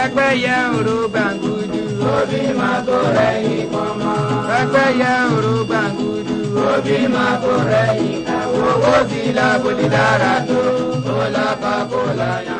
pẹ́pẹ́yẹ òró gbàngudu. Obi máa kó rẹ̀ yìí kan mọ́. Pẹ́pẹ́yẹ òró gbàngudu. Obi máa kó rẹ̀ yìí kan mọ́. Owó ti lábòdì lára tó. Kó lápá kó láyà.